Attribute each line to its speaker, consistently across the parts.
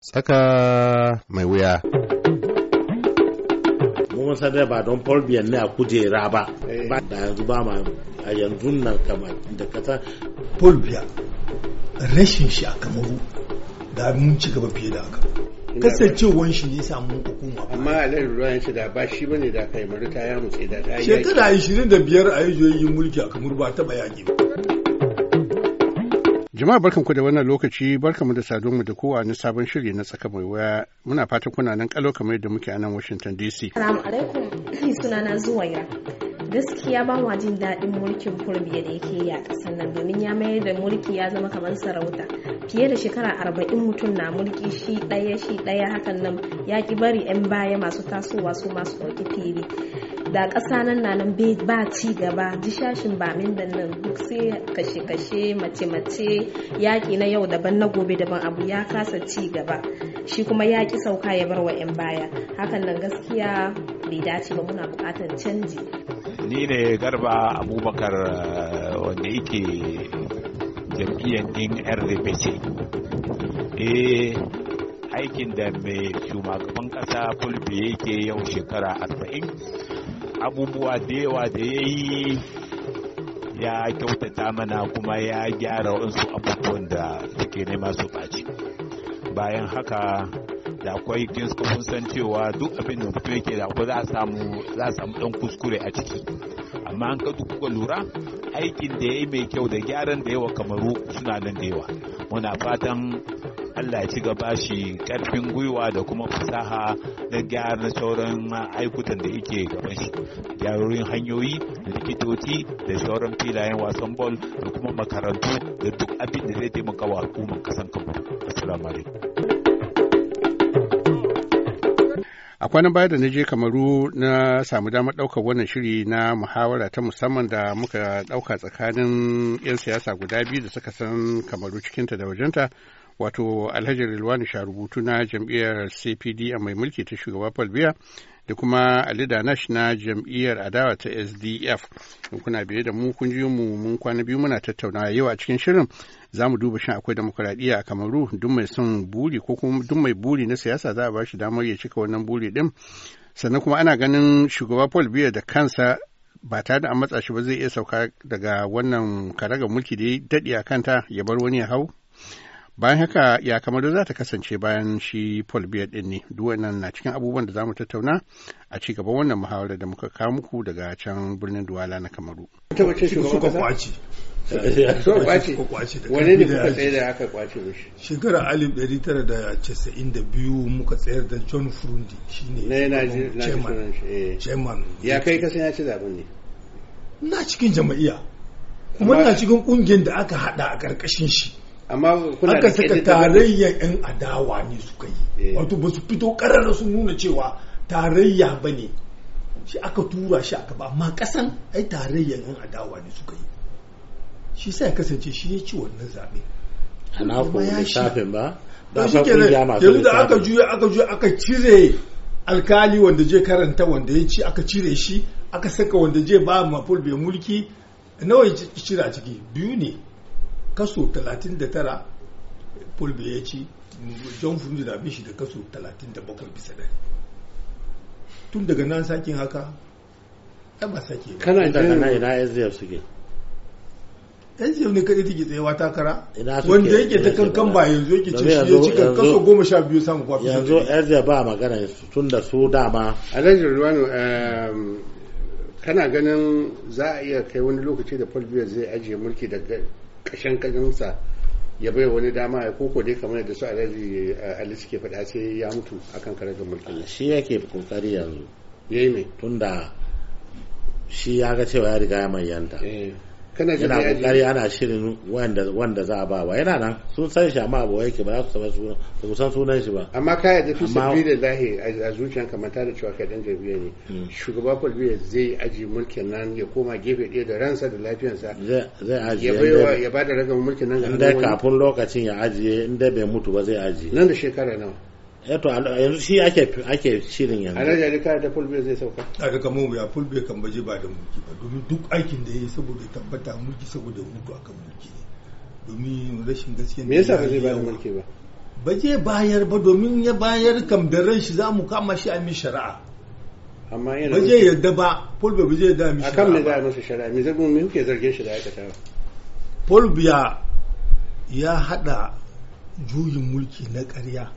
Speaker 1: Saka mai wuya.
Speaker 2: Mun san da ba don Paul Biyan ne a kujera ba. Eh. Ba da yanzu ba ma a yanzu nan kama da kasa. Paul Biya
Speaker 3: rashin shi a Kamaru da mun ci gaba fiye da
Speaker 1: haka. Kasancewan shi ne samu hukuma. Amma alal ruwan shi da ba shi bane da kai ta ya mutse da ta yi. Shekara
Speaker 3: 25 a yi mulki a Kamaru ba taba yaki ba.
Speaker 1: Jama'a barkanku da wannan lokaci mu da saduwa da kowa na sabon shiri na tsaka mai waya muna fatan kuna nan kalo kamar yadda muke a nan Washington DC. Assalamu
Speaker 3: alaikum sunana Zuwaya. Gaskiya ba wa jin daɗin mulkin kurbiya da yake yi a ƙasar nan domin ya mayar da mulki ya zama kamar sarauta. Fiye da shekara arba'in mutum na mulki shi ɗaya shi ɗaya hakan nan ya ki bari 'yan baya masu tasowa su masu ɗauki fili. da ƙasa nan na nan ba ci gaba ba min da nan duk sai kashe-kashe mace-mace yaƙi na yau daban na gobe daban abu ya kasa ci gaba shi kuma yaƙi sauka ya bar wa 'yan baya hakan nan gaskiya bai dace ba muna
Speaker 2: buƙatar canji ni ne garba abubakar eh, wanda yake jam'iyyar din rdpc e eh, aikin da mai shugaban kasa fulbi yake yau shekara arba'in abubuwa da yawa da ya yi ya kyautata mana kuma ya gyara wasu abubuwan da suke nema su ɓaci bayan haka da akwai kun san cewa duk abin da mutum yake da akwai za a samu ɗan kuskure a ciki amma an ka kuka lura aikin da ya yi mai kyau da gyaran da yawa kamaru suna nan da yawa muna fatan Allah ya ci gaba shi karfin gwiwa da kuma fasaha na gyara sauran aikutan da yake gaban shi gyarorin hanyoyi da likitoci da sauran filayen wasan bol da kuma makarantu da duk abin da zai taimaka wa al'umman kasan kamar assalamu alaikum
Speaker 1: a kwanan baya da na je kamaru na samu damar ɗaukar wannan shiri na muhawara ta musamman da muka ɗauka tsakanin 'yan siyasa guda biyu da suka san kamaru cikinta da wajenta wato alhaji rilwani rubutu na jam'iyyar cpd a mai mulki ta shugaba falbiya da kuma ali danash na jam'iyyar adawa ta sdf kuna biye da mu kun ji mu mun kwana biyu muna tattaunawa yau a cikin shirin za mu duba shin akwai demokuraɗiyya a kamaru duk mai son buri ko kuma duk mai buri na siyasa za a ba shi damar ya cika wannan buri din sannan kuma ana ganin shugaba paul biya da kansa ba tare da an matsa shi ba zai iya sauka daga wannan karagar mulki da ya daɗe a kanta ya bar wani ya hau bayan haka ya kamar da za ta kasance bayan shi paul biya din ne duwannan na cikin abubuwan da za mu tattauna a ci gaban wannan muhawara da muka kawo muku daga can birnin duwala na kamaru
Speaker 2: suka kwaci
Speaker 1: wane ne kuka tsaye da aka kwace mishi
Speaker 3: shekara alif 1992 muka tsayar da john frundi shine
Speaker 1: eh. chairman ya kai kasan ya ci zaben ne
Speaker 3: na cikin jama'iya kuma na cikin ƙungiyar da aka hada a ƙarƙashin shi
Speaker 1: amma kuna da saka tarayyar yan adawa ne suka yi
Speaker 3: eh. wato ba su fito karara sun nuna cewa tarayya ba ne shi aka tura shi aka ba amma kasan ai tarayyar yan adawa ne suka yi shi sai ya kasance shi ya ci wannan zaɓe ana ko shafin
Speaker 2: ba ba shi ke masu yanzu
Speaker 3: da aka juya aka juya aka cire alkali wanda je karanta wanda ya ci aka cire shi aka saka wanda je ba mafulbe mulki nawa ya cira ciki biyu ne kaso 39 fulbe ya ci john fundu na bin shi da kaso 37 bisa ɗari tun daga nan sakin haka ɗan ba sake kana daga nan
Speaker 2: ina ziyar suke
Speaker 3: ziyar ne
Speaker 1: kadai take tsayawa takara wanda yake ta kankan ba yanzu yake ce shi ya cika kaso
Speaker 2: goma sha biyu samun kwafi yanzu ziyar ba magana tun da su dama
Speaker 1: alhaji ruwanu um, kana ganin za a iya kai wani lokaci da paul biya zai ajiye mulki daga kashen kaninsa ya bai wani dama ya koko dai kamar da su alhaji eh, ali suke faɗa sai ya mutu akan karagar mulki shi yake kokari yanzu yayi ne tunda
Speaker 2: shi ya ga cewa ya riga ya mayanta eh.
Speaker 1: kana yana kokari ana
Speaker 2: shirin wanda wanda za a ba wa yana nan sun san shi amma abuwa yake ba za su taba sunan ba san sunan shi ba
Speaker 1: amma ka yadda fi sabbi da zahi a kamar ta da cewa kai dan jam'iyya ne hmm. shugaba Paul zai aji mulkin nan ya koma gefe ɗaya da ransa da lafiyansa.
Speaker 2: zai aji ya baiwa
Speaker 1: ya bada ragamin mulkin nan ga inda kafin
Speaker 2: lokacin ya ajiye inda bai mutu ba zai aji nan da shekara nawa yato eh, yanzu shi ake ake shirin yanzu alhaji
Speaker 1: ali kana da fulbe zai sauka
Speaker 2: a daga mu
Speaker 3: ya fulbe kan baje ba da mulki ba domin duk aikin da yayi saboda tabbata mulki saboda mutu akan mulki domin rashin gaskiya me yasa baje zai ba da mulki ba baje bayar ba domin ya bayar kam da ran shi za mu kama shi a mi shari'a amma yana ba zai yadda
Speaker 1: ba Paul ba zai yadda mishi akan me za a masa shari'a me zai me kuke zargin shi da aikata
Speaker 3: Paul biya ya hada juyin mulki na ƙarya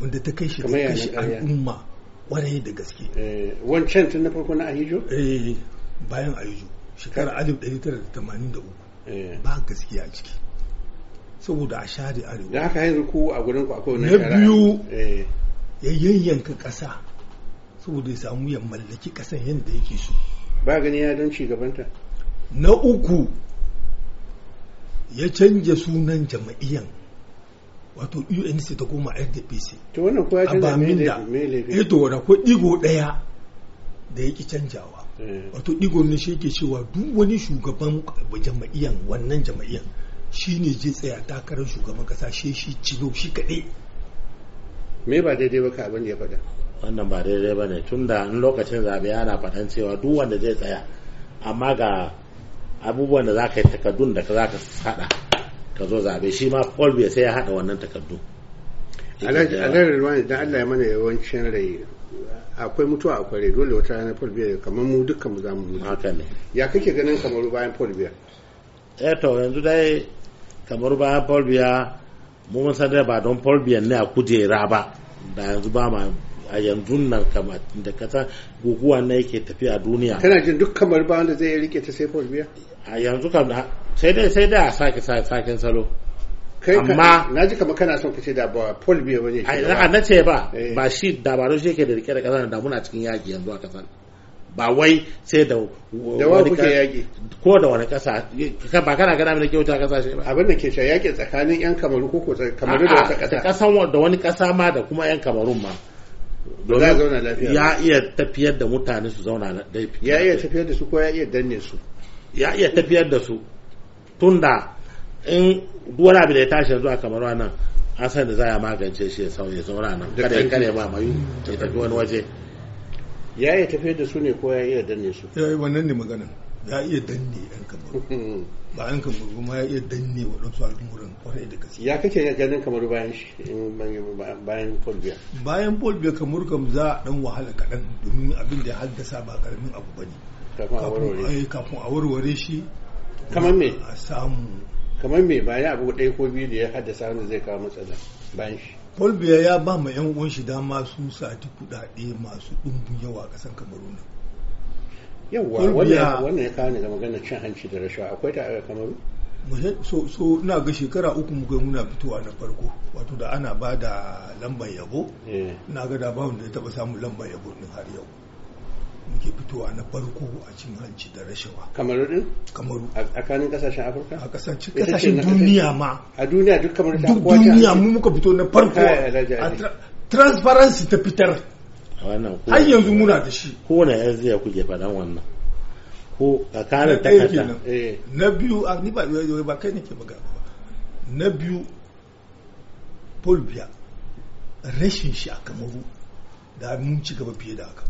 Speaker 3: wanda ta kai shi ta kashe al'umma kwarai da gaske
Speaker 1: eh, wancan
Speaker 3: tun na farko na ahijo eh bayan ahijo shekara alif da da tamanin uku eh. ba gaskiya a ciki saboda a share arewa da
Speaker 1: haka yanzu ku a gurin ku akwai na biyu
Speaker 3: eh. ya yayyanka ƙasa saboda ya samu ya mallaki ƙasan yadda yake so
Speaker 1: ba gani ya don shugabanta
Speaker 3: na uku ya canja sunan jama'iyan wato unc ta koma rdpc
Speaker 1: a eh wannan da ya canza ko digo daya
Speaker 3: da ya ki canjawa eh. wato digo ne shi ke cewa duk wani shugaban jama'iyan wannan jama'iyan shi ne je tsaya takarar shugaban kasa shi shi cilo shi kaɗai
Speaker 1: me ba daidai ba ka ya faɗa
Speaker 2: wannan ba daidai ba ne tun da in lokacin zaɓe yana faɗan cewa duk wanda zai tsaya amma ga abubuwan da za ka yi takardun da za ka haɗa ka zo zabe shi ma biya sai ya hada wannan takardu
Speaker 1: alhaji ruwan idan allah ya mana yawancin rai akwai mutuwa akwai rai dole wata ranar paul biya kamar mu dukkan mu zamu mu mutu haka ne ya kake ganin kamar bayan paul biya
Speaker 2: eh to yanzu dai kamar bayan paul biya mu mun san ba don paul biya ne a kujera ba da yanzu ba ma a yanzu nan kamar da kasa guguwa na yake tafiya duniya kana jin
Speaker 1: duk kamar ba wanda zai rike ta sai paul biya a yanzu kam sai dai
Speaker 2: sai da sake sake salo amma
Speaker 1: na ji kama kana son kace da ba Paul Biya ba ne na ce ba eh. ba
Speaker 2: shi dabarun shi yake da rike da kasar da muna cikin yaki yanzu a kasar ba wai sai da da wani kuke yaki ko da wani kasa ba kana gana mana kyauta shi ba abin da ke cewa yaki tsakanin yan kamaru ko kamaru da wata kasa kasan da wani kasa ma da kuma yan kamarun ma domin ya iya tafiyar da mutane su zauna da ya iya tafiyar da su ko
Speaker 1: ya iya danne su
Speaker 2: ya iya tafiyar da su tunda in duk wani abu da ya tashi zuwa kamar wannan an san da za a magance shi ya zaura nan kada ya kare ma mayu ya tafi wani waje
Speaker 1: ya iya tafi da su ne ko ya iya danne su ya yi wannan ne maganan ya iya danne yan kamaru ba
Speaker 3: yan kamaru ma ya iya danne waɗansu al'umuran kwarai
Speaker 1: da gaske ya kake ganin kamaru bayan shi bayan paul biya
Speaker 3: bayan paul biya kamar kam za a dan wahala kaɗan domin abin da ya haddasa
Speaker 1: ba karamin abu ba ne kafin a warware shi eh, kamar me kamar me bayan abu ɗaya ko biyu da ya haddasa wanda zai kawo matsala bayan shi
Speaker 3: Paul Biya ya ba ma 'yan uwan shi dama su sati kuɗaɗe masu ɗumbin yawa a ƙasar Kamaruna.
Speaker 1: Yawwa wannan ya kawo ne da maganar cin hanci da rashawa akwai ta a Kamaru?
Speaker 3: so so na ga shekara uku muka muna fitowa na farko wato da ana ba da lambar yabo eh. na ga da bawon da ya taba samun lambar yabo din har yau muke fitowa na farko a cin hanci da rashawa
Speaker 1: kamaru din kamaru a tsakanin kasashen
Speaker 3: afirka a kasashen kasashen duniya ma
Speaker 1: a duniya duk kamar ta duk duniya mu muka fito na farko
Speaker 2: a
Speaker 3: transparency ta fitar
Speaker 2: har yanzu muna da shi na yanzu ya kuke faɗan wannan ko a ta takarda
Speaker 3: eh. na biyu a ni ba ba kai nake magana ba na biyu Paul Biya rashin shi a Kamaru da mun ci gaba fiye da haka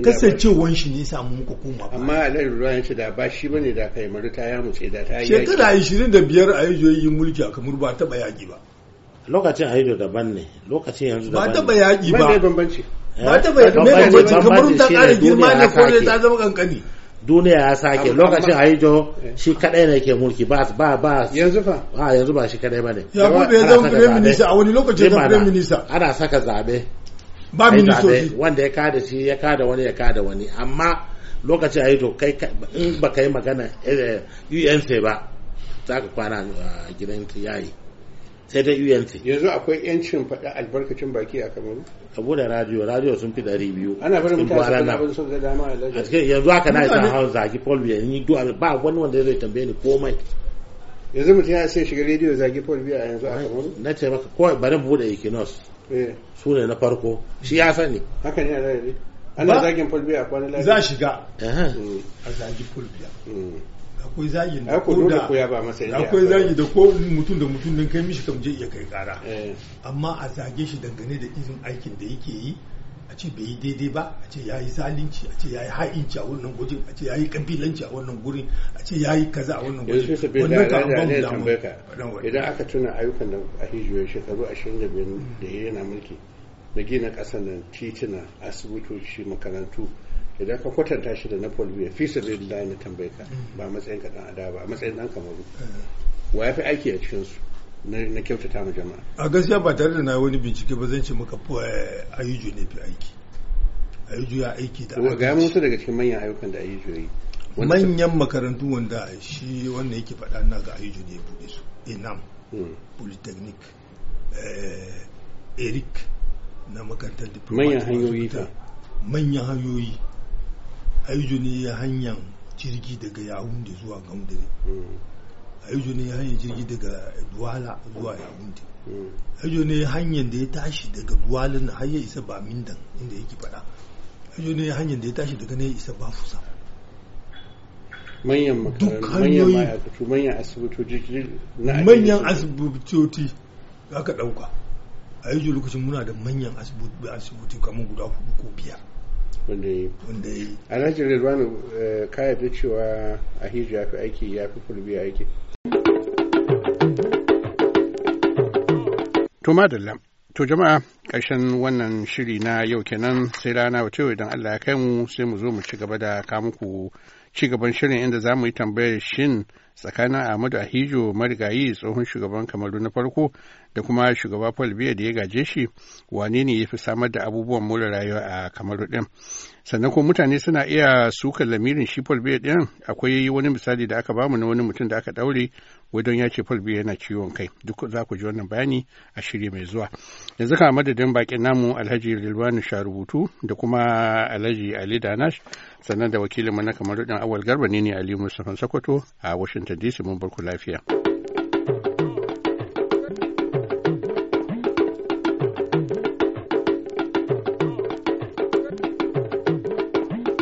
Speaker 1: kasancewan
Speaker 3: shi ne samu muka koma ba
Speaker 1: amma ruwa ya ce da ba shi bane da kai maru ta ya mutse da ta yi shekara
Speaker 3: 25 a yajo yi mulki a kamar ba ta yaki ba lokacin da daban ne
Speaker 2: lokacin yanzu daban ba ta
Speaker 3: yaki ba bambanci ba taba yaki ne bambanci kamar ta kare girma ne ko ne ta zama kankani
Speaker 2: duniya ya sake lokacin haijo eh. shi kadai ne ke mulki ba ba ba yanzu fa a yanzu ba shi kadai bane ya kuma ya zama prime minister a wani lokacin da prime minister ana saka zabe
Speaker 1: ba ministoci
Speaker 2: wanda ya kada shi ya kada wani ya kada wani amma lokaci a yi to kai in ba kai magana eh, eh, unc ba za ka kwana a ah, gidan yayi sai dai unc yanzu
Speaker 1: akwai yancin faɗa albarkacin baki a kamaru
Speaker 2: ka bude radio radio sun fi ɗari biyu ana barin mutane na abin
Speaker 1: sun ga dama a lajin yanzu haka na isa hau
Speaker 2: zagi paul biya ni duwal ba wani wanda zai tambaye ni komai
Speaker 1: yanzu mutum ya sai shiga radio zagi paul biya yanzu a kamaru na
Speaker 2: ce maka kawai bari bude ikinos Eh. su ne na farko shi ya sani haka ne a ana zagin
Speaker 1: fulbiya kwanan lafiya za
Speaker 2: shiga mm. a zagi fulbiya mm.
Speaker 1: akwai zagin da ko da akwai zagin
Speaker 3: da ko mutum da mutum din kai mishi kam je iya kai kara eh. amma a zage shi dangane da izin aikin da yake yi a ce bai yi daidai ba a ce ya yi zalunci a ce ya yi ha'inci a wannan gudun a ce ya yi kabilanci a wannan gurin a ce ya yi kaza a wannan gudun wannan ka an bamu
Speaker 1: damu idan aka tuna ayyukan da a hijiyoyi shekaru ashirin da biyar da ya yana mulki na gina ƙasar nan titina asibitoci makarantu idan ka kwatanta shi da napoli ya fi sabi da na tambayka ba matsayin kaɗan ada ba a matsayin dan kamaru eh. wa ya fi aiki a cikinsu na kyautata ma jama'a
Speaker 3: a gaskiya ba tare da na wani bincike ba zan ce maka ayuju ne fi aiki ayuju ya aiki da ga ya musu
Speaker 1: daga cikin manyan ayyukan da ayuju yi manyan
Speaker 3: makarantu wanda shi wannan yake faɗa na ga ayuju ne buɗe su inam hmm. polytechnic
Speaker 1: eh,
Speaker 3: eric na makarantar diplomat manyan hanyoyi ta manyan hanyoyi ayuju ne hanyar jirgi daga yawun da zuwa gamdare hmm. aijo ne hanyar jirgi daga duwala zuwa yawunti hmm. aijo ne hanyar da ya tashi daga duwala na har ya isa ba mindan inda yake fada aijo ne hanyar da ya tashi daga ne ya isa ba fusa
Speaker 1: manyan makarantu manyan asibitoci manyan
Speaker 3: asibitoci aka dauka a yi lokacin muna da manyan asibiti kamar guda hudu ko biyar
Speaker 1: wanda ya yi alhaji eh, cewa a hijiyar fi aiki ya fi fulbiya aiki To madalla, to jama'a ƙarshen wannan shiri na yau kenan sai rana wace idan Allah ya kai mu sai mu zo mu ci gaba da kamuku ci gaban shirin inda za mu yi tambayar shin tsakanin Ahmadu Ahijo marigayi tsohon shugaban Kamaru na farko da kuma shugaba Paul Biya da ya gaje shi wane ne ya fi samar da abubuwan more rayuwa a Kamaru ɗin. Sannan ko mutane suna iya suka lamirin shi Paul Biya ɗin akwai wani misali da aka bamu na wani mutum da aka ɗaure wadon ya ce falbi yana ciwon kai duk za ku ji wannan bayani a shiri mai zuwa yanzu ka madadin bakin namu alhaji sha rubutu da kuma alhaji ali danash sannan da wakilinmu na kamar rudin awal garba ne ne ali musamman sokoto a washinton dc mun barku lafiya.